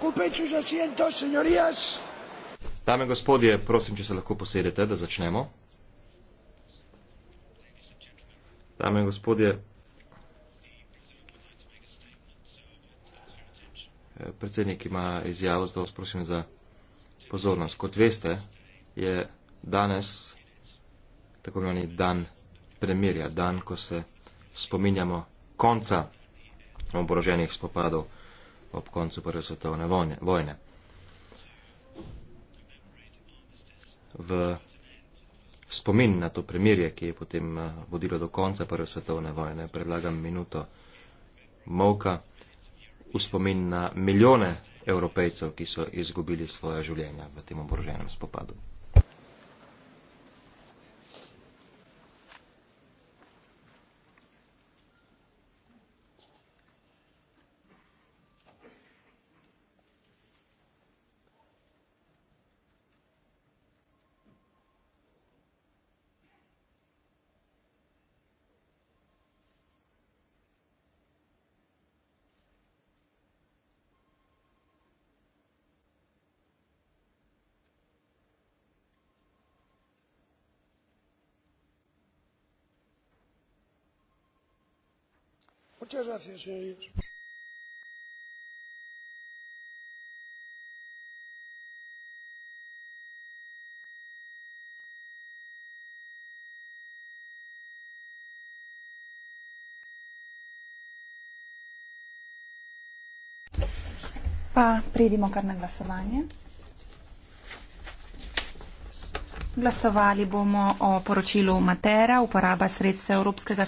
Ocupen sus asientos, señorías. Dame, gospodje, prosim, če se lahko posedete, da začnemo. Dame, gospodje, predsednik ima izjavo, zato vas prosim za pozornost. Kot veste, je danes tako imenovani dan premirja, dan, ko se spominjamo konca oboroženih spopadov ob koncu Prve svetovne vojne. V spomin na to premirje, ki je potem eh, vodilo do konca Prve svetovne vojne, predlagam minuto molka v spomin na milijone evropejcev, ki so izgubili svoje življenja v tem oboroženem spopadu. Muchas gracias, señorías. Pa pridimo kar na glasovanje. Glasovali bomo o poročilu Matera, uporaba sredstva Evropskega